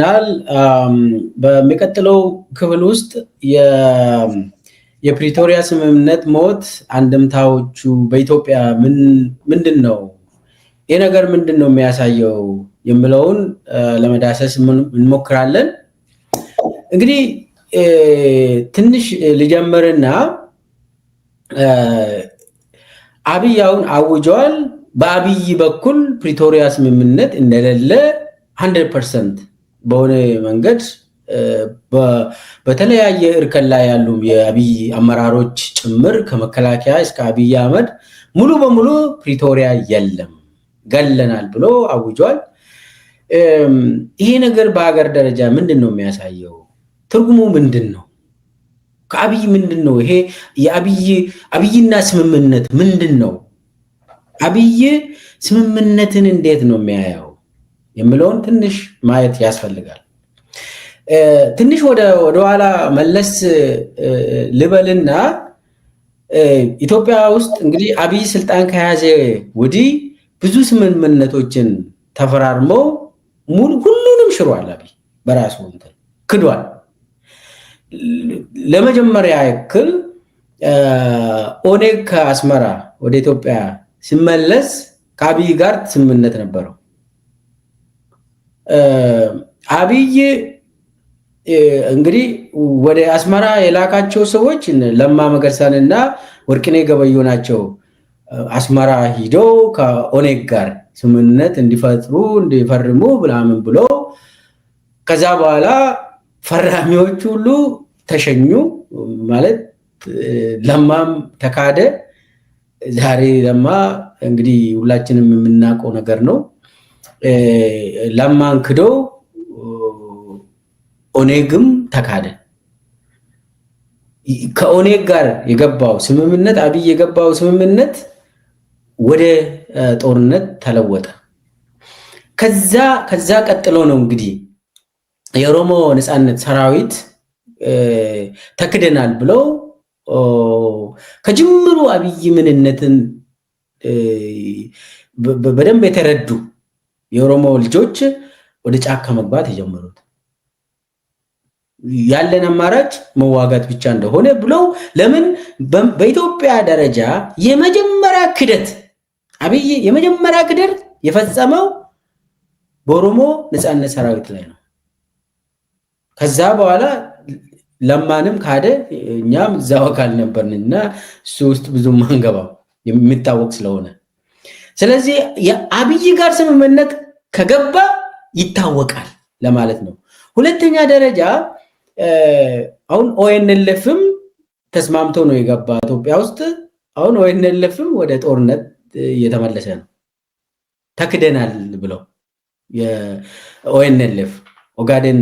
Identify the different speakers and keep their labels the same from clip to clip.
Speaker 1: ናል በሚቀጥለው ክፍል ውስጥ የፕሪቶሪያ ስምምነት ሞት አንድምታዎቹ በኢትዮጵያ ምንድን ነው፣ ይህ ነገር ምንድን ነው የሚያሳየው የምለውን ለመዳሰስ እንሞክራለን። እንግዲህ ትንሽ ልጀምርና አብይ አሁን አውጀዋል። በአብይ በኩል ፕሪቶሪያ ስምምነት እንደሌለ 100 ፐርሰንት በሆነ መንገድ በተለያየ እርከን ላይ ያሉ የአብይ አመራሮች ጭምር ከመከላከያ እስከ አብይ አህመድ ሙሉ በሙሉ ፕሪቶሪያ የለም ገለናል ብሎ አውጇል። ይሄ ነገር በሀገር ደረጃ ምንድን ነው የሚያሳየው? ትርጉሙ ምንድን ነው? ከአብይ ምንድን ነው ይሄ የአብይና ስምምነት ምንድን ነው? አብይ ስምምነትን እንዴት ነው የሚያየው? የሚለውን ትንሽ ማየት ያስፈልጋል። ትንሽ ወደ ወደኋላ መለስ ልበልና ኢትዮጵያ ውስጥ እንግዲህ አብይ ስልጣን ከያዘ ወዲህ ብዙ ስምምነቶችን ተፈራርመው ሁሉንም ሽሯል። አብይ በራሱ እንትን ክዷል። ለመጀመሪያ ያክል ኦኔግ ከአስመራ ወደ ኢትዮጵያ ሲመለስ ከአብይ ጋር ስምምነት ነበረው። አብይ እንግዲህ ወደ አስመራ የላካቸው ሰዎች ለማ መገርሳን እና ወርቅኔ ገበዮ ናቸው። አስመራ ሂደው ከኦኔግ ጋር ስምምነት እንዲፈጥሩ እንዲፈርሙ ምናምን ብሎ ከዛ በኋላ ፈራሚዎች ሁሉ ተሸኙ። ማለት ለማም ተካደ። ዛሬ ለማ እንግዲህ ሁላችንም የምናውቀው ነገር ነው። ለማን ክዶ ኦኔግም ተካደ። ከኦኔግ ጋር የገባው ስምምነት አብይ የገባው ስምምነት ወደ ጦርነት ተለወጠ። ከዛ ከዛ ቀጥሎ ነው እንግዲህ የኦሮሞ ነፃነት ሰራዊት ተክደናል ብለው ከጅምሩ አብይ ምንነትን በደንብ የተረዱ የኦሮሞ ልጆች ወደ ጫካ መግባት የጀመሩት ያለን አማራጭ መዋጋት ብቻ እንደሆነ ብለው ለምን በኢትዮጵያ ደረጃ የመጀመሪያ ክደት አብይ የመጀመሪያ ክደር የፈጸመው በኦሮሞ ነፃነት ሰራዊት ላይ ነው። ከዛ በኋላ ለማንም ካደ፣ እኛም እዛው አካል ነበርን እና እሱ ውስጥ ብዙም አንገባም የሚታወቅ ስለሆነ። ስለዚህ የአብይ ጋር ስምምነት ከገባ ይታወቃል ለማለት ነው። ሁለተኛ ደረጃ አሁን ኦኤንልፍም ተስማምቶ ነው የገባ ኢትዮጵያ ውስጥ። አሁን ኦኤንኤልኤፍም ወደ ጦርነት እየተመለሰ ነው ተክደናል ብለው የኦኤንኤልኤፍ ኦጋዴን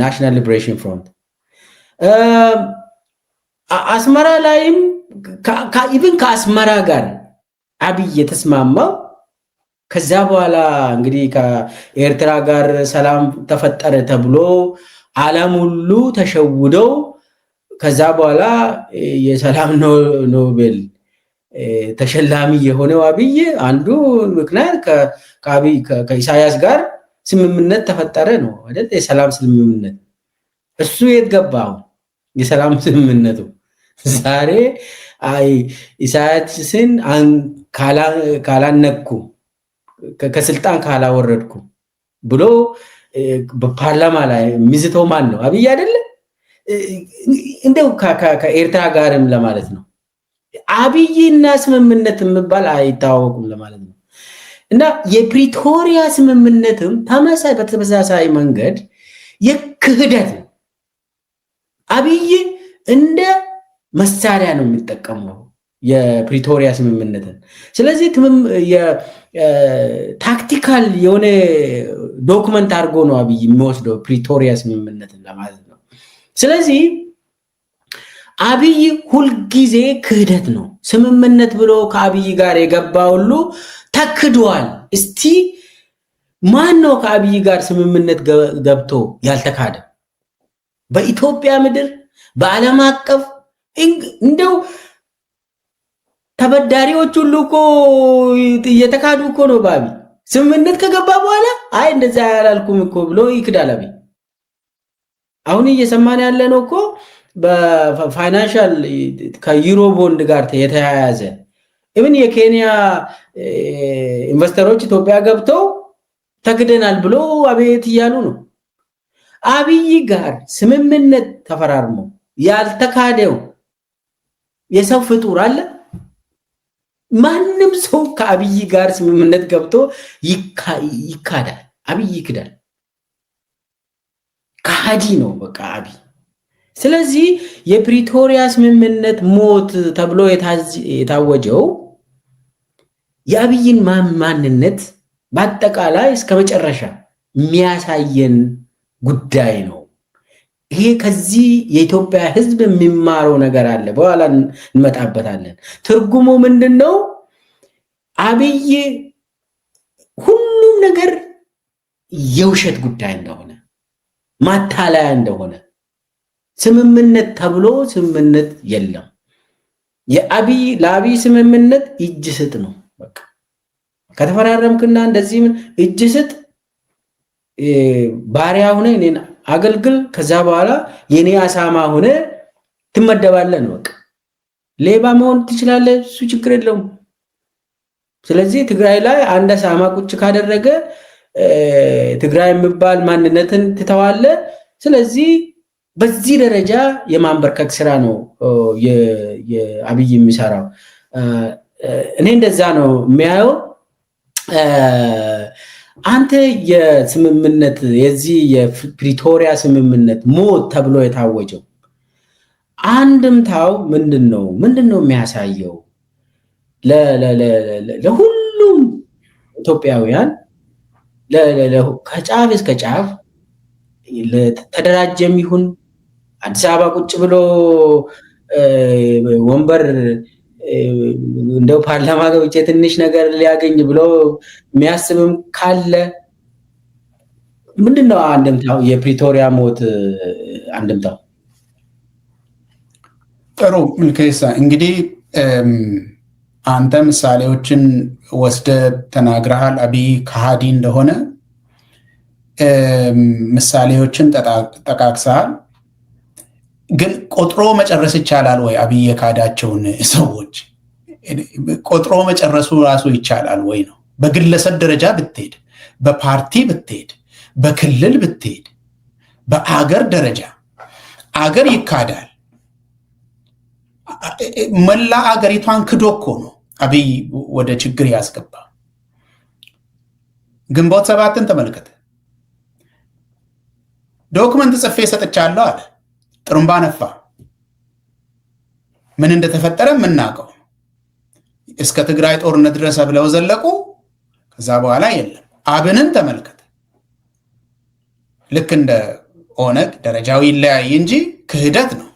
Speaker 1: ናሽናል ሊበሬሽን ፍሮንት አስመራ ላይም ኢቭን ከአስመራ ጋር አብይ የተስማማው ከዚያ በኋላ እንግዲህ ከኤርትራ ጋር ሰላም ተፈጠረ ተብሎ ዓለም ሁሉ ተሸውደው ከዛ በኋላ የሰላም ኖቤል ተሸላሚ የሆነው አብይ አንዱ ምክንያት ከኢሳያስ ጋር ስምምነት ተፈጠረ ነው አይደል? የሰላም ስምምነት እሱ የት ገባ? የሰላም ስምምነቱ ዛሬ ኢሳያስን ካላነኩ ከስልጣን ካላወረድኩ ብሎ በፓርላማ ላይ የሚዝተው ማን ነው? አብይ አይደለ? እንደው ከኤርትራ ጋርም ለማለት ነው። አብይና ስምምነት የምባል አይታወቁም ለማለት ነው። እና የፕሪቶሪያ ስምምነትም ተመሳይ በተመሳሳይ መንገድ የክህደት ነው። አብይ እንደ መሳሪያ ነው የሚጠቀመው የፕሪቶሪያ ስምምነትን። ስለዚህ ታክቲካል የሆነ ዶክመንት አድርጎ ነው አብይ የሚወስደው ፕሪቶሪያ ስምምነትን ለማለት ነው። ስለዚህ አብይ ሁልጊዜ ክህደት ነው። ስምምነት ብሎ ከአብይ ጋር የገባ ሁሉ ተክዷል። እስቲ ማን ነው ከአብይ ጋር ስምምነት ገብቶ ያልተካደ? በኢትዮጵያ ምድር፣ በዓለም አቀፍ እንደው ተበዳሪዎች ሁሉ እኮ እየተካዱ እኮ ነው። ባቢ ስምምነት ከገባ በኋላ አይ እንደዛ ያላልኩም እኮ ብሎ ይክዳል። አቢ አሁን እየሰማን ያለ ነው እኮ በፋይናንሻል ከዩሮ ቦንድ ጋር የተያያዘ ኢቭን የኬንያ ኢንቨስተሮች ኢትዮጵያ ገብተው ተክደናል ብሎ አቤት እያሉ ነው። አብይ ጋር ስምምነት ተፈራርሞ ያልተካደው የሰው ፍጡር አለ? ማንም ሰው ከአብይ ጋር ስምምነት ገብቶ ይካዳል። አብይ ይክዳል። ከሃዲ ነው በቃ አብይ። ስለዚህ የፕሪቶሪያ ስምምነት ሞት ተብሎ የታወጀው የአብይን ማንነት በአጠቃላይ እስከ መጨረሻ የሚያሳየን ጉዳይ ነው። ይሄ ከዚህ የኢትዮጵያ ሕዝብ የሚማረው ነገር አለ። በኋላ እንመጣበታለን። ትርጉሙ ምንድን ነው? አብይ ሁሉም ነገር የውሸት ጉዳይ እንደሆነ ማታለያ እንደሆነ ስምምነት ተብሎ ስምምነት የለም። የአብይ ለአብይ ስምምነት እጅ ስጥ ነው። በቃ ከተፈራረምክና እንደዚህ እጅ ስጥ ባሪያ ሁነ እኔን አገልግል፣ ከዛ በኋላ የኔ አሳማ ሆነ ትመደባለን ነው። በቃ ሌባ መሆን ትችላለ እሱ ችግር የለውም። ስለዚህ ትግራይ ላይ አንድ አሳማ ቁጭ ካደረገ ትግራይ የሚባል ማንነትን ትተዋለ ስለዚህ በዚህ ደረጃ የማንበርከክ ስራ ነው አብይ የሚሰራው። እኔ እንደዛ ነው የሚያየው። አንተ የስምምነት የዚህ የፕሪቶሪያ ስምምነት ሞት ተብሎ የታወጀው አንድምታው ምንድን ነው? ምንድን ነው የሚያሳየው? ለሁሉም ኢትዮጵያውያን ከጫፍ እስከ ጫፍ ተደራጀም ይሁን አዲስ አበባ ቁጭ ብሎ ወንበር እንደው ፓርላማ ገብቼ ትንሽ ነገር ሊያገኝ ብሎ የሚያስብም ካለ ምንድን ነው አንድምታው? የፕሪቶሪያ ሞት አንድምታው?
Speaker 2: ጥሩ ምልከሳ፣ እንግዲህ አንተ ምሳሌዎችን ወስደ ተናግረሃል። አብይ ከሃዲ እንደሆነ ምሳሌዎችን ጠቃቅሰሃል። ግን ቆጥሮ መጨረስ ይቻላል ወይ? አብይ የካዳቸውን ሰዎች ቆጥሮ መጨረሱ ራሱ ይቻላል ወይ ነው። በግለሰብ ደረጃ ብትሄድ፣ በፓርቲ ብትሄድ፣ በክልል ብትሄድ፣ በአገር ደረጃ አገር ይካዳል። መላ አገሪቷን ክዶ እኮ ነው አብይ ወደ ችግር ያስገባ። ግንቦት ሰባትን ተመልከተ። ዶክመንት ጽፌ ሰጥቻለሁ አለ ጥሩምባ ነፋ። ምን እንደተፈጠረ የምናውቀው እስከ ትግራይ ጦርነት ድረስ ብለው ዘለቁ። ከዛ በኋላ የለም። አብንን ተመልከተ። ልክ እንደ ኦነግ ደረጃው ይለያይ እንጂ ክህደት ነው።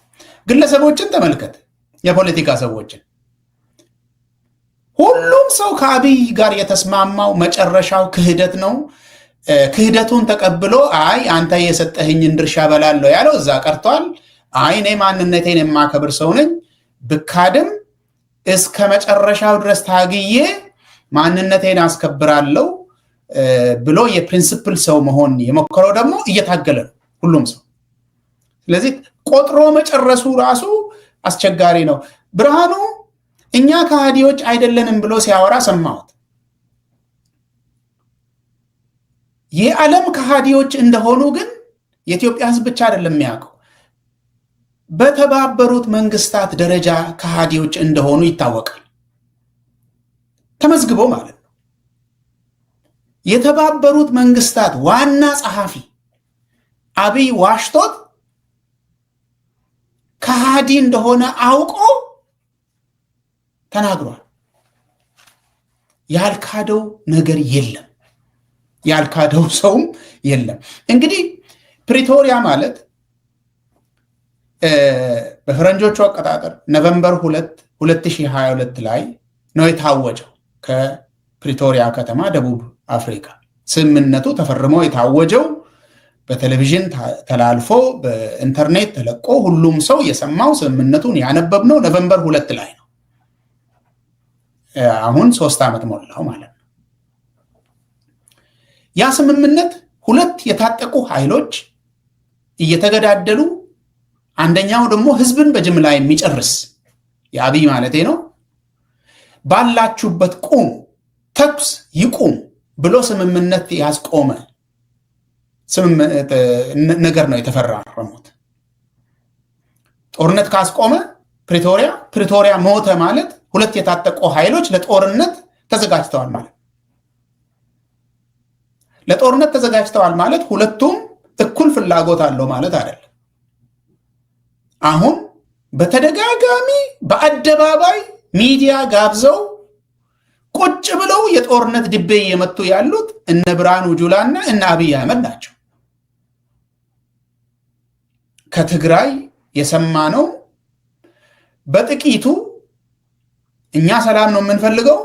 Speaker 2: ግለሰቦችን ተመልከት፣ የፖለቲካ ሰዎችን። ሁሉም ሰው ከአብይ ጋር የተስማማው መጨረሻው ክህደት ነው። ክህደቱን ተቀብሎ አይ አንተ የሰጠህኝን ድርሻ በላለው ያለው እዛ ቀርቷል። አይ እኔ ማንነቴን የማከብር ሰው ነኝ ብካድም እስከ መጨረሻው ድረስ ታግዬ ማንነቴን አስከብራለሁ ብሎ የፕሪንስፕል ሰው መሆን የሞከረው ደግሞ እየታገለ ነው ሁሉም ሰው። ስለዚህ ቆጥሮ መጨረሱ ራሱ አስቸጋሪ ነው። ብርሃኑ እኛ ከሃዲዎች አይደለንም ብሎ ሲያወራ ሰማሁት። የዓለም ከሃዲዎች እንደሆኑ ግን የኢትዮጵያ ሕዝብ ብቻ አይደለም የሚያውቀው በተባበሩት መንግስታት ደረጃ ከሃዲዎች እንደሆኑ ይታወቃል። ተመዝግቦ ማለት ነው። የተባበሩት መንግስታት ዋና ጸሐፊ አብይ ዋሽቶት ከሃዲ እንደሆነ አውቆ ተናግሯል። ያልካደው ነገር የለም፣ ያልካደው ሰውም የለም። እንግዲህ ፕሪቶሪያ ማለት በፈረንጆቹ አቀጣጠር ነቨምበር 2 2022 ላይ ነው የታወጀው ከፕሪቶሪያ ከተማ ደቡብ አፍሪካ። ስምምነቱ ተፈርሞ የታወጀው በቴሌቪዥን ተላልፎ በኢንተርኔት ተለቆ ሁሉም ሰው የሰማው ስምምነቱን ነው ነቨምበር ሁለት ላይ ነው። አሁን ሶስት ዓመት ሞላው ማለት ነው። ያ ስምምነት ሁለት የታጠቁ ኃይሎች እየተገዳደሉ አንደኛው ደግሞ ህዝብን በጅምላ የሚጨርስ የአብይ ማለቴ ነው። ባላችሁበት ቁም፣ ተኩስ ይቁም ብሎ ስምምነት ያስቆመ ነገር ነው የተፈራረሙት። ጦርነት ካስቆመ ፕሪቶሪያ ፕሪቶሪያ ሞተ ማለት ሁለት የታጠቁ ኃይሎች ለጦርነት ተዘጋጅተዋል ማለት ለጦርነት ተዘጋጅተዋል ማለት ሁለቱም እኩል ፍላጎት አለው ማለት አይደለም። አሁን በተደጋጋሚ በአደባባይ ሚዲያ ጋብዘው ቁጭ ብለው የጦርነት ድቤ እየመቱ ያሉት እነ ብርሃኑ ጁላና እነ አብይ አህመድ ናቸው። ከትግራይ የሰማነው በጥቂቱ እኛ ሰላም ነው የምንፈልገው፣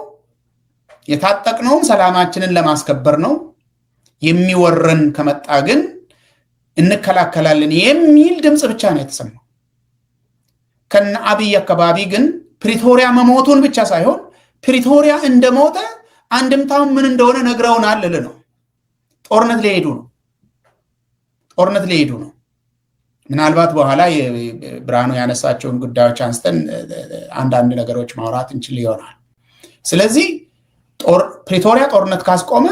Speaker 2: የታጠቅነውም ሰላማችንን ለማስከበር ነው፣ የሚወረን ከመጣ ግን እንከላከላለን የሚል ድምፅ ብቻ ነው የተሰማው። ከነ አብይ አካባቢ ግን ፕሪቶሪያ መሞቱን ብቻ ሳይሆን ፕሪቶሪያ እንደሞተ አንድምታውን ምን እንደሆነ ነግረውናል ልል ነው። ጦርነት ሊሄዱ ነው። ጦርነት ሊሄዱ ነው። ምናልባት በኋላ ብርሃኑ ያነሳቸውን ጉዳዮች አንስተን አንዳንድ ነገሮች ማውራት እንችል ይሆናል። ስለዚህ ፕሪቶሪያ ጦርነት ካስቆመ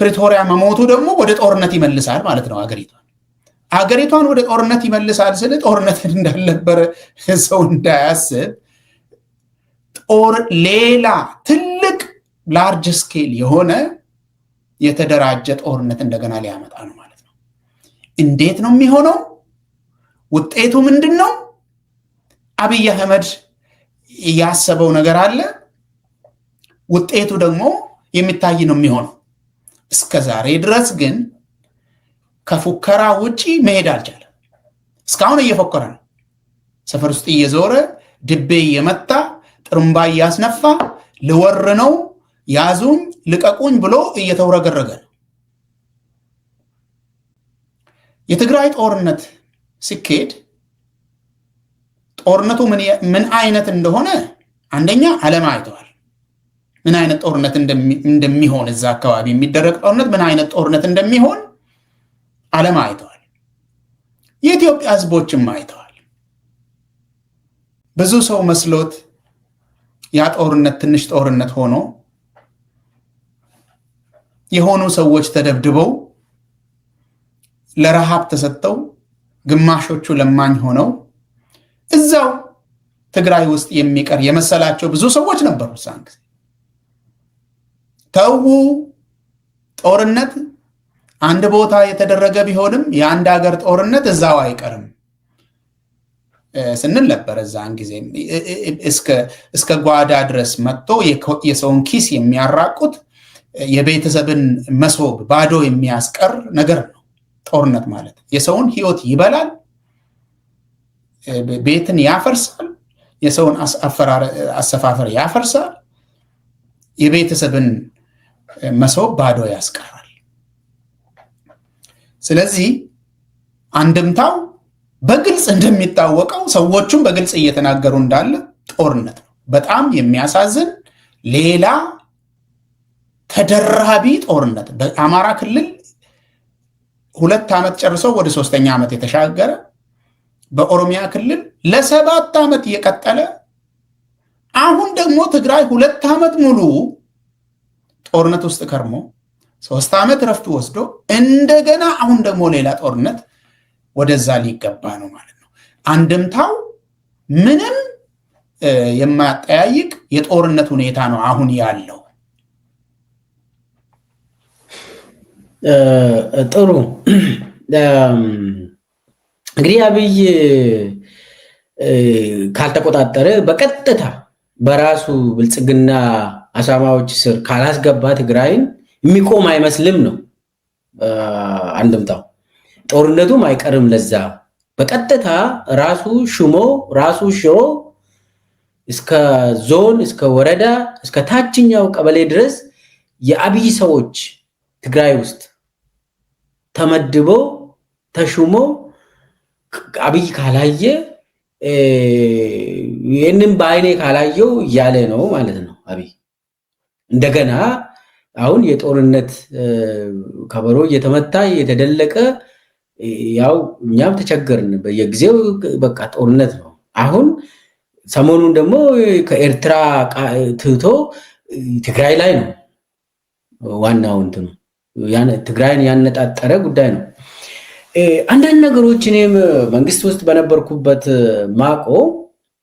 Speaker 2: ፕሪቶሪያ መሞቱ ደግሞ ወደ ጦርነት ይመልሳል ማለት ነው አገሪቷ አገሪቷን ወደ ጦርነት ይመልሳል ስል ጦርነት እንዳልነበረ ሰው እንዳያስብ፣ ጦር ሌላ ትልቅ ላርጅ ስኬል የሆነ የተደራጀ ጦርነት እንደገና ሊያመጣ ነው ማለት ነው። እንዴት ነው የሚሆነው? ውጤቱ ምንድን ነው? አብይ አህመድ ያሰበው ነገር አለ። ውጤቱ ደግሞ የሚታይ ነው የሚሆነው። እስከ ዛሬ ድረስ ግን ከፉከራ ውጪ መሄድ አልቻለም። እስካሁን እየፎከረ ነው። ሰፈር ውስጥ እየዞረ ድቤ እየመታ ጥርምባ እያስነፋ ልወር ነው ያዙኝ ልቀቁኝ ብሎ እየተውረገረገ ነው። የትግራይ ጦርነት ሲካሄድ ጦርነቱ ምን አይነት እንደሆነ አንደኛ ዓለም አይተዋል። ምን አይነት ጦርነት እንደሚሆን እዛ አካባቢ የሚደረግ ጦርነት ምን አይነት ጦርነት እንደሚሆን ዓለም አይተዋል። የኢትዮጵያ ህዝቦችም አይተዋል። ብዙ ሰው መስሎት ያ ጦርነት ትንሽ ጦርነት ሆኖ የሆኑ ሰዎች ተደብድበው ለረሃብ ተሰጥተው ግማሾቹ ለማኝ ሆነው እዛው ትግራይ ውስጥ የሚቀር የመሰላቸው ብዙ ሰዎች ነበሩ። ሳን ጊዜ ተዉ ጦርነት አንድ ቦታ የተደረገ ቢሆንም የአንድ ሀገር ጦርነት እዛው አይቀርም ስንል ነበር። እዛን ጊዜ እስከ ጓዳ ድረስ መጥቶ የሰውን ኪስ የሚያራቁት የቤተሰብን መሶብ ባዶ የሚያስቀር ነገር ነው። ጦርነት ማለት የሰውን ሕይወት ይበላል፣ ቤትን ያፈርሳል፣ የሰውን አሰፋፈር ያፈርሳል፣ የቤተሰብን መሶብ ባዶ ያስቀራል። ስለዚህ አንድምታው በግልጽ እንደሚታወቀው ሰዎቹም በግልጽ እየተናገሩ እንዳለ ጦርነት ነው። በጣም የሚያሳዝን ሌላ ተደራቢ ጦርነት በአማራ ክልል ሁለት ዓመት ጨርሶ ወደ ሶስተኛ ዓመት የተሻገረ በኦሮሚያ ክልል ለሰባት ዓመት እየቀጠለ አሁን ደግሞ ትግራይ ሁለት ዓመት ሙሉ ጦርነት ውስጥ ከርሞ ሶስት ዓመት ረፍት ወስዶ እንደገና አሁን ደግሞ ሌላ ጦርነት ወደዛ ሊገባ ነው ማለት ነው። አንድምታው ምንም የማጠያይቅ የጦርነት ሁኔታ ነው አሁን ያለው።
Speaker 1: ጥሩ እንግዲህ አብይ ካልተቆጣጠረ በቀጥታ በራሱ ብልጽግና አሳማዎች ስር ካላስገባ ትግራይን የሚቆም አይመስልም ነው አንድምታው። ጦርነቱም አይቀርም ለዛ በቀጥታ ራሱ ሽሞ ራሱ ሽሮ እስከ ዞን እስከ ወረዳ እስከ ታችኛው ቀበሌ ድረስ የአብይ ሰዎች ትግራይ ውስጥ ተመድቦ ተሹሞ አብይ ካላየ ይህንን በአይኔ ካላየው እያለ ነው ማለት ነው አብይ እንደገና አሁን የጦርነት ከበሮ እየተመታ የተደለቀ ያው እኛም ተቸገርን። በየጊዜው በቃ ጦርነት ነው። አሁን ሰሞኑን ደግሞ ከኤርትራ ትቶ ትግራይ ላይ ነው ዋናው እንትኑ ትግራይን ያነጣጠረ ጉዳይ ነው። አንዳንድ ነገሮች እኔም መንግስት ውስጥ በነበርኩበት ማቆ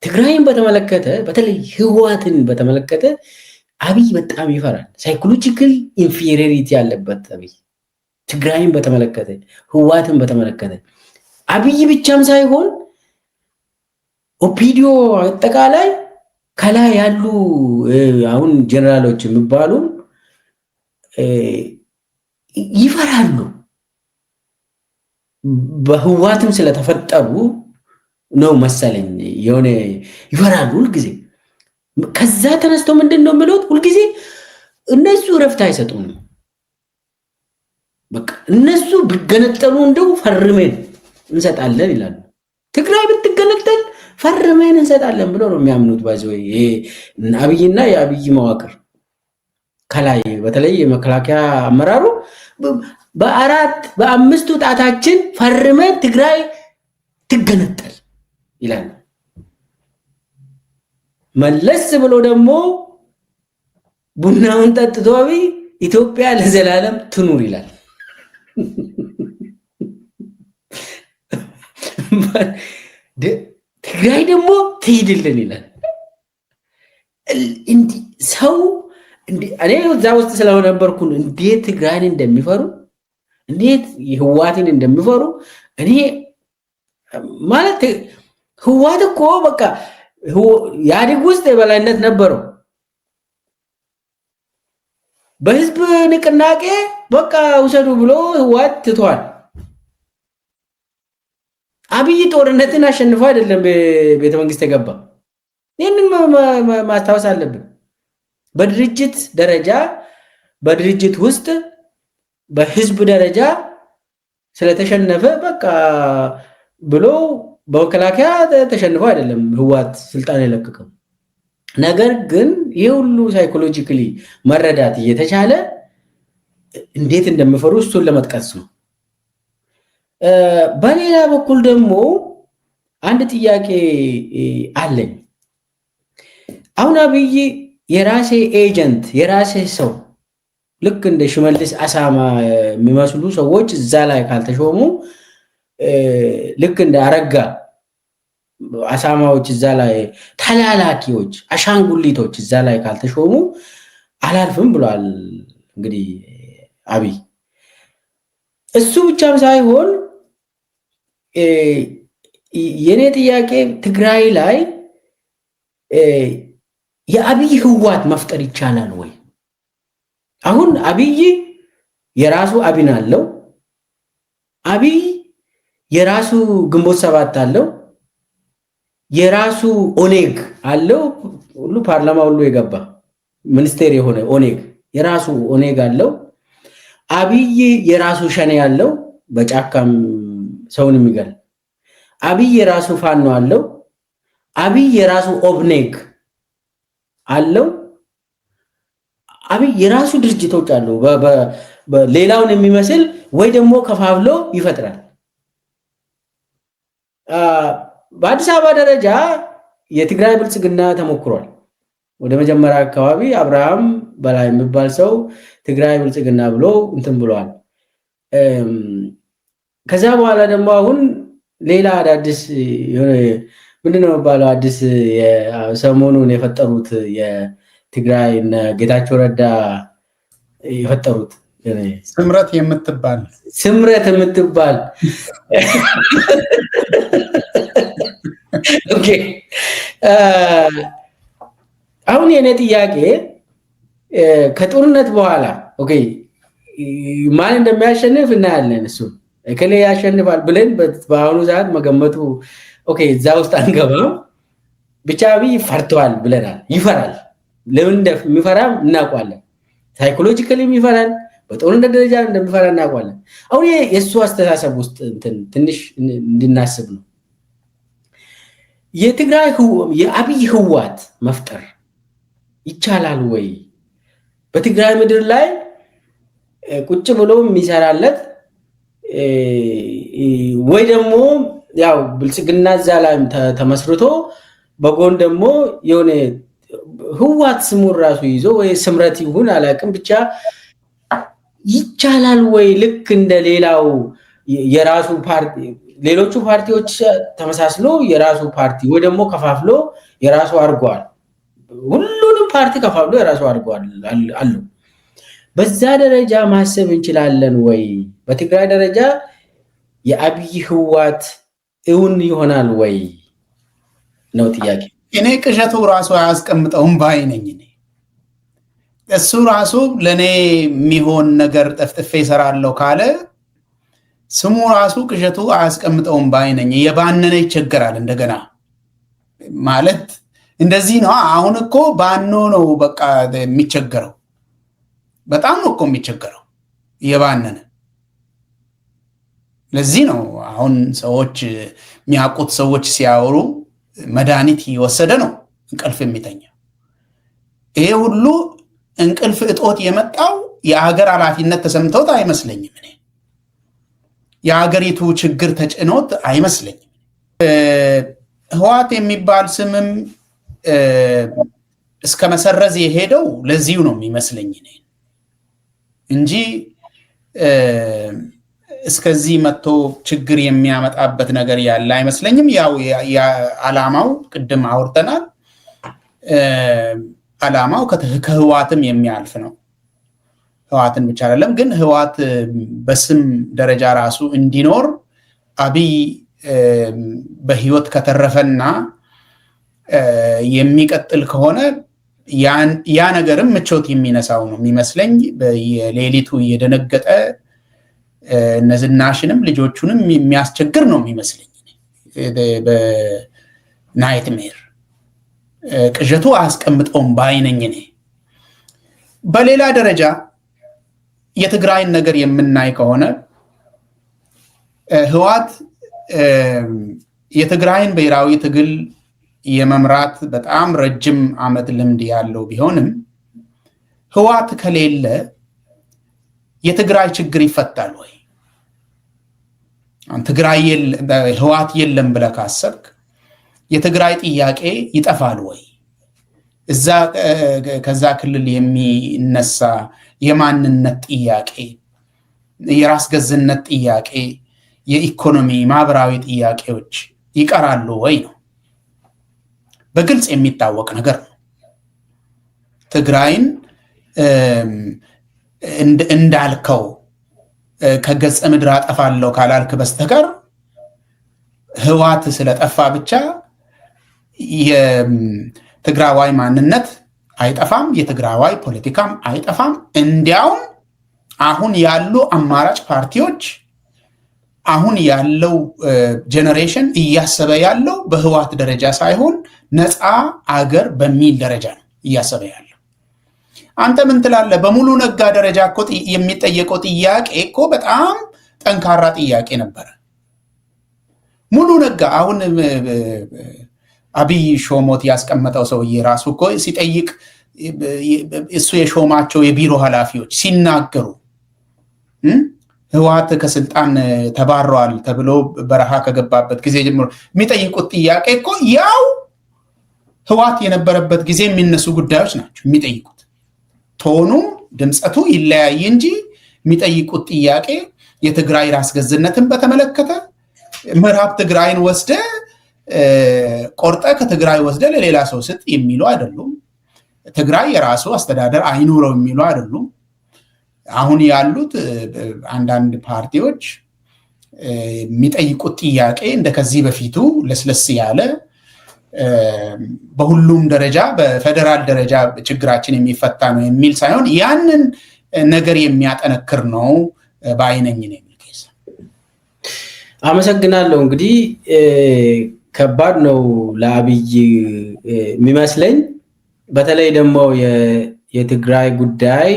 Speaker 1: ትግራይን በተመለከተ በተለይ ህወሓትን በተመለከተ አብይ በጣም ይፈራል። ሳይኮሎጂካል ኢንፌሪሪቲ ያለበት አብይ ትግራይን በተመለከተ ህዋትን በተመለከተ አብይ ብቻም ሳይሆን ኦፒዲዮ አጠቃላይ ከላይ ያሉ አሁን ጀነራሎች የሚባሉ ይፈራሉ። በህዋትም ስለተፈጠሩ ነው መሰለኝ የሆነ ይፈራሉ ሁልጊዜ ከዛ ተነስቶ ምንድን ነው የምለት ሁልጊዜ እነሱ እረፍት አይሰጡም። በቃ እነሱ ብገነጠሉ እንደው ፈርሜን እንሰጣለን ይላሉ። ትግራይ ብትገነጠል ፈርሜን እንሰጣለን ብሎ ነው የሚያምኑት። ባዚ ወይ ይሄ አብይና የአብይ መዋቅር ከላይ በተለይ የመከላከያ አመራሩ በአራት በአምስቱ ጣታችን ፈርመን ትግራይ ትገነጠል ይላል። መለስ ብሎ ደግሞ ቡናውን ጠጥቶ አብይ ኢትዮጵያ ለዘላለም ትኑር ይላል። ትግራይ ደግሞ ትሂድልን ይላል። ሰው እኔ እዛ ውስጥ ስለነበርኩ እንዴት ትግራይን እንደሚፈሩ እንዴት ህዋትን እንደሚፈሩ እኔ ማለት ህዋት እኮ በቃ ኢህአዴግ ውስጥ የበላይነት ነበረው። በህዝብ ንቅናቄ በቃ ውሰዱ ብሎ ህወሓት ትቷል። አብይ ጦርነትን አሸንፎ አይደለም ቤተ መንግስት የገባ። ይህንን ማስታወስ አለብን። በድርጅት ደረጃ በድርጅት ውስጥ በህዝብ ደረጃ ስለተሸነፈ በቃ ብሎ በመከላከያ ተሸንፎ አይደለም ህወሓት ስልጣን የለቀቀው። ነገር ግን ይህ ሁሉ ሳይኮሎጂካሊ መረዳት እየተቻለ እንዴት እንደሚፈሩ እሱን ለመጥቀስ ነው። በሌላ በኩል ደግሞ አንድ ጥያቄ አለኝ። አሁን አብይ የራሴ ኤጀንት የራሴ ሰው ልክ እንደ ሽመልስ አሳማ የሚመስሉ ሰዎች እዛ ላይ ካልተሾሙ ልክ እንደ አረጋ አሳማዎች እዛ ላይ ተላላኪዎች፣ አሻንጉሊቶች እዛ ላይ ካልተሾሙ አላልፍም ብሏል። እንግዲህ አብይ እሱ ብቻም ሳይሆን የእኔ ጥያቄ ትግራይ ላይ የአብይ ህዋት መፍጠር ይቻላል ወይ? አሁን አብይ የራሱ አብን አለው አብይ የራሱ ግንቦት ሰባት አለው፣ የራሱ ኦኔግ አለው። ሁሉ ፓርላማ ሁሉ የገባ ሚኒስቴር የሆነ ኦኔግ የራሱ ኦኔግ አለው። አብይ የራሱ ሸኔ አለው፣ በጫካም ሰውን የሚገል አብይ የራሱ ፋኖ አለው። አብይ የራሱ ኦብኔግ አለው። አብይ የራሱ ድርጅቶች አለው። ሌላውን የሚመስል ወይ ደግሞ ከፋፍሎ ይፈጥራል። በአዲስ አበባ ደረጃ የትግራይ ብልጽግና ተሞክሯል። ወደ መጀመሪያ አካባቢ አብርሃም በላይ የሚባል ሰው ትግራይ ብልጽግና ብሎ እንትን ብሏል። ከዚያ በኋላ ደግሞ አሁን ሌላ አዳዲስ ምንድነው የሚባለው አዲስ ሰሞኑን የፈጠሩት የትግራይ ጌታቸው ረዳ የፈጠሩት
Speaker 2: ስምረት የምትባል
Speaker 1: ስምረት የምትባል Uh, አሁን የእኔ ጥያቄ uh, ከጦርነት በኋላ ኦኬ ማን እንደሚያሸንፍ እናያለን። እሱ እክሌ ያሸንፋል ብለን በአሁኑ ሰዓት መገመቱ ኦኬ፣ እዛ ውስጥ አንገባም። ብቻ አብይ ፈርተዋል ብለናል። ይፈራል። ለምን እንደሚፈራ እናውቋለን። ሳይኮሎጂካሊም ይፈራል። በጦርነት ደረጃ እንደሚፈራ እናውቋለን። አሁን የእሱ አስተሳሰብ ውስጥ ትንሽ እንድናስብ ነው። የትግራይ የአብይ ህዋት መፍጠር ይቻላል ወይ? በትግራይ ምድር ላይ ቁጭ ብሎ የሚሰራለት ወይ ደግሞ ያው ብልጽግና እዚያ ላይም ተመስርቶ በጎን ደግሞ የሆነ ህዋት ስሙን ራሱ ይዞ ወይ ስምረት ይሁን አላቅም ብቻ ይቻላል ወይ? ልክ እንደ ሌላው የራሱ ፓርቲ ሌሎቹ ፓርቲዎች ተመሳስሎ የራሱ ፓርቲ ወይ ደግሞ ከፋፍሎ የራሱ አድርጓል። ሁሉንም ፓርቲ ከፋፍሎ የራሱ አድርጓል አሉ። በዛ ደረጃ ማሰብ እንችላለን ወይ? በትግራይ ደረጃ የአብይ ህዋት እውን ይሆናል ወይ ነው ጥያቄ።
Speaker 2: እኔ ቅዠቱ ራሱ አያስቀምጠውም ባይ ነኝ። እሱ ራሱ ለእኔ የሚሆን ነገር ጠፍጥፌ ይሰራለሁ ካለ ስሙ ራሱ ቅዠቱ አያስቀምጠውም ባይነኝ የባነነ ይቸገራል። እንደገና ማለት እንደዚህ ነው። አሁን እኮ ባኖ ነው በቃ የሚቸገረው። በጣም ነው እኮ የሚቸገረው የባነነ። ለዚህ ነው አሁን ሰዎች የሚያውቁት ሰዎች ሲያወሩ መድኃኒት የወሰደ ነው እንቅልፍ የሚተኛ። ይሄ ሁሉ እንቅልፍ እጦት የመጣው የሀገር ኃላፊነት ተሰምተውት አይመስለኝም እኔ የሀገሪቱ ችግር ተጭኖት አይመስለኝም። ህዋት የሚባል ስምም እስከ መሰረዝ የሄደው ለዚሁ ነው የሚመስለኝ እንጂ እስከዚህ መጥቶ ችግር የሚያመጣበት ነገር ያለ አይመስለኝም። ያው አላማው ቅድም አውርተናል። አላማው ከህዋትም የሚያልፍ ነው። ህወሓትን ብቻ አይደለም ግን ህወሓት በስም ደረጃ ራሱ እንዲኖር አብይ በህይወት ከተረፈና የሚቀጥል ከሆነ ያ ነገርም ምቾት የሚነሳው ነው የሚመስለኝ። የሌሊቱ እየደነገጠ እነዝናሽንም ልጆቹንም የሚያስቸግር ነው የሚመስለኝ። በናይት ሜር ቅዠቱ አያስቀምጠውም በአይነኝ እኔ በሌላ ደረጃ የትግራይን ነገር የምናይ ከሆነ ህዋት የትግራይን ብሔራዊ ትግል የመምራት በጣም ረጅም ዓመት ልምድ ያለው ቢሆንም ህዋት ከሌለ የትግራይ ችግር ይፈታል ወይ? ትግራይ ህዋት የለም ብለህ ካሰብክ የትግራይ ጥያቄ ይጠፋል ወይ? እዛ ከዛ ክልል የሚነሳ የማንነት ጥያቄ፣ የራስ ገዝነት ጥያቄ፣ የኢኮኖሚ ማህበራዊ ጥያቄዎች ይቀራሉ ወይ ነው። በግልጽ የሚታወቅ ነገር ነው። ትግራይን እንዳልከው ከገጸ ምድር አጠፋለሁ ካላልክ በስተቀር ህዋት ስለጠፋ ብቻ ትግራዋይ ማንነት አይጠፋም፣ የትግራዋይ ፖለቲካም አይጠፋም። እንዲያውም አሁን ያሉ አማራጭ ፓርቲዎች አሁን ያለው ጄኔሬሽን እያሰበ ያለው በህዋት ደረጃ ሳይሆን ነፃ አገር በሚል ደረጃ ነው እያሰበ ያለው። አንተ ምን ትላለህ? በሙሉ ነጋ ደረጃ እኮ የሚጠየቀው ጥያቄ እኮ በጣም ጠንካራ ጥያቄ ነበረ። ሙሉ ነጋ አሁን አብይ ሾሞት ያስቀመጠው ሰውዬ ራሱ እኮ ሲጠይቅ እሱ የሾማቸው የቢሮ ኃላፊዎች ሲናገሩ ህወሓት ከስልጣን ተባረዋል ተብሎ በረሃ ከገባበት ጊዜ ጀምሮ የሚጠይቁት ጥያቄ እኮ ያው ህወሓት የነበረበት ጊዜ የሚነሱ ጉዳዮች ናቸው የሚጠይቁት። ቶኑ ድምፀቱ ይለያይ እንጂ የሚጠይቁት ጥያቄ የትግራይ ራስ ገዝነትን በተመለከተ ምዕራብ ትግራይን ወስደ ቆርጠ ከትግራይ ወስደ ለሌላ ሰው ስጥ የሚሉ አይደሉም። ትግራይ የራሱ አስተዳደር አይኑረው የሚሉ አይደሉም። አሁን ያሉት አንዳንድ ፓርቲዎች የሚጠይቁት ጥያቄ እንደ ከዚህ በፊቱ ለስለስ ያለ በሁሉም ደረጃ በፌደራል ደረጃ ችግራችን የሚፈታ ነው የሚል ሳይሆን ያንን ነገር የሚያጠነክር ነው በአይነኝ ነው የሚል
Speaker 1: አመሰግናለሁ እንግዲህ ከባድ ነው ለአብይ የሚመስለኝ። በተለይ ደግሞ የትግራይ ጉዳይ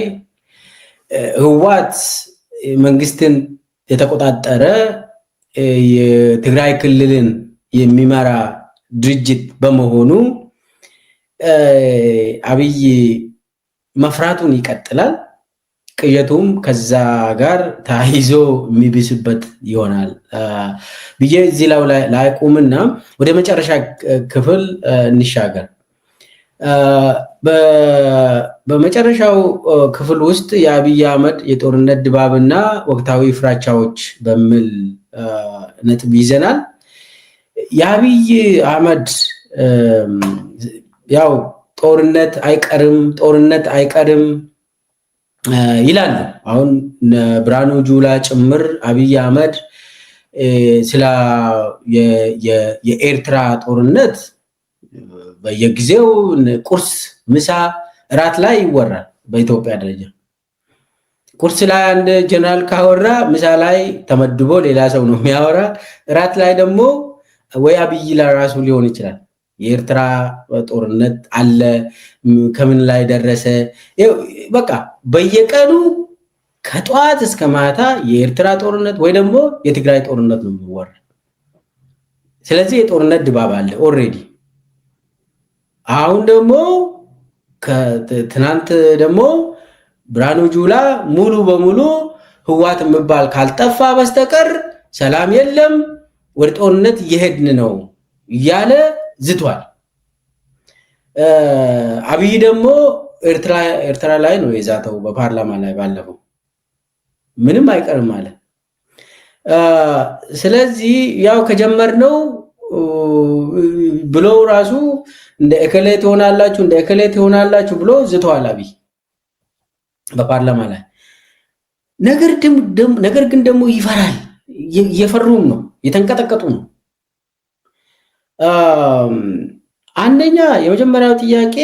Speaker 1: ህዋት መንግስትን የተቆጣጠረ የትግራይ ክልልን የሚመራ ድርጅት በመሆኑ አብይ መፍራቱን ይቀጥላል። ቅዠቱም ከዛ ጋር ተያይዞ የሚብስበት ይሆናል ብዬ እዚህ ላው ላይቁምና ወደ መጨረሻ ክፍል እንሻገር። በመጨረሻው ክፍል ውስጥ የአብይ አህመድ የጦርነት ድባብና ወቅታዊ ፍራቻዎች በሚል ነጥብ ይዘናል። የአብይ አህመድ ያው ጦርነት አይቀርም ጦርነት አይቀርም ይላሉ። አሁን ብርሃኑ ጁላ ጭምር አብይ አህመድ ስለ የኤርትራ ጦርነት በየጊዜው ቁርስ፣ ምሳ፣ እራት ላይ ይወራል። በኢትዮጵያ ደረጃ ቁርስ ላይ አንድ ጀነራል ካወራ ምሳ ላይ ተመድቦ ሌላ ሰው ነው የሚያወራ። እራት ላይ ደግሞ ወይ አብይ ለራሱ ሊሆን ይችላል የኤርትራ ጦርነት አለ፣ ከምን ላይ ደረሰ? በቃ በየቀኑ ከጠዋት እስከ ማታ የኤርትራ ጦርነት ወይ ደግሞ የትግራይ ጦርነት ነው የሚወራ። ስለዚህ የጦርነት ድባብ አለ ኦልሬዲ። አሁን ደግሞ ትናንት ደግሞ ብርሃኑ ጁላ ሙሉ በሙሉ ህዋት የሚባል ካልጠፋ በስተቀር ሰላም የለም፣ ወደ ጦርነት እየሄድን ነው እያለ ዝቷል። አብይ ደግሞ ኤርትራ ላይ ነው የዛተው በፓርላማ ላይ ባለፈው ምንም አይቀርም አለ። ስለዚህ ያው ከጀመርነው ብሎ ራሱ እንደ እከሌ ትሆናላችሁ እንደ እከሌ ትሆናላችሁ ብሎ ዝተዋል አብይ በፓርላማ ላይ። ነገር ግን ደግሞ ይፈራል። እየፈሩም ነው፣ የተንቀጠቀጡ ነው። አንደኛ የመጀመሪያው ጥያቄ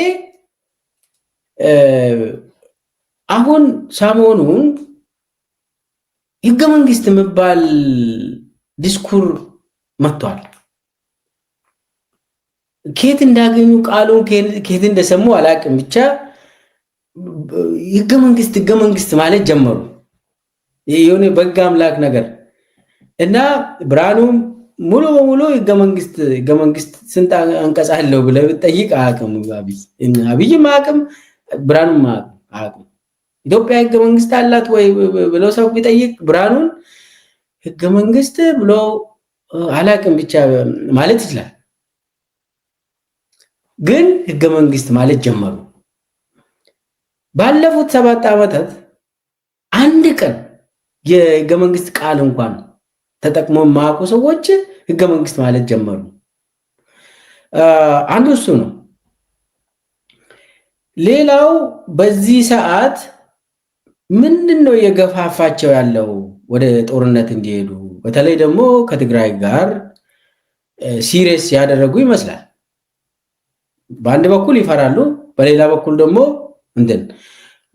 Speaker 1: አሁን ሰሞኑን ህገ መንግስት የሚባል ዲስኩር መጥቷል። ከየት እንዳገኙ ቃሉን ከየት እንደሰሙ አላቅም። ብቻ ህገ መንግስት ህገ መንግስት ማለት ጀመሩ። የሆነ በህግ አምላክ ነገር እና ብርሃኑም ሙሉ በሙሉ ህገ መንግስት ህገ መንግስት ስንት አንቀጽ አለው ብለህ ብትጠይቅ አያውቅም አብይ አብይም አያውቅም ብርሃኑም አያውቅም ኢትዮጵያ ህገ መንግስት አላት ወይ ብሎ ሰው ቢጠይቅ ብርሃኑን ህገ መንግስት ብሎ አላውቅም ብቻ ማለት ይችላል ግን ህገ መንግስት ማለት ጀመሩ ባለፉት ሰባት ዓመታት አንድ ቀን የህገ መንግስት ቃል እንኳን ተጠቅሞ የማያውቁ ሰዎች ህገ መንግስት ማለት ጀመሩ። አንዱ እሱ ነው። ሌላው በዚህ ሰዓት ምንድን ነው የገፋፋቸው ያለው ወደ ጦርነት እንዲሄዱ በተለይ ደግሞ ከትግራይ ጋር ሲሪየስ ያደረጉ ይመስላል። በአንድ በኩል ይፈራሉ፣ በሌላ በኩል ደግሞ እንትን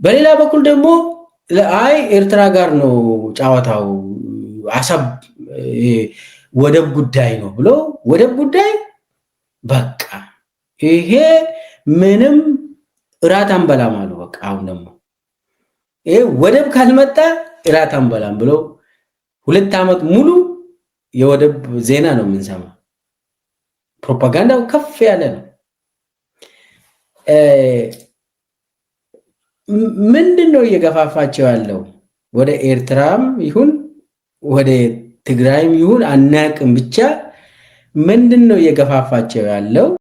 Speaker 1: በሌላ በኩል ደግሞ አይ ኤርትራ ጋር ነው ጨዋታው አሰብ ወደብ ጉዳይ ነው ብሎ ወደብ ጉዳይ በቃ ይሄ ምንም እራት አንበላም አሉ። በቃ አሁን ደግሞ ይሄ ወደብ ካልመጣ እራት አንበላም ብሎ ሁለት ዓመት ሙሉ የወደብ ዜና ነው የምንሰማ። ፕሮፓጋንዳው ከፍ ያለ ነው። ምንድን ነው እየገፋፋቸው ያለው? ወደ ኤርትራም ይሁን ወደ ትግራይም ይሁን አናቅም ብቻ ምንድን ነው እየገፋፋቸው ያለው?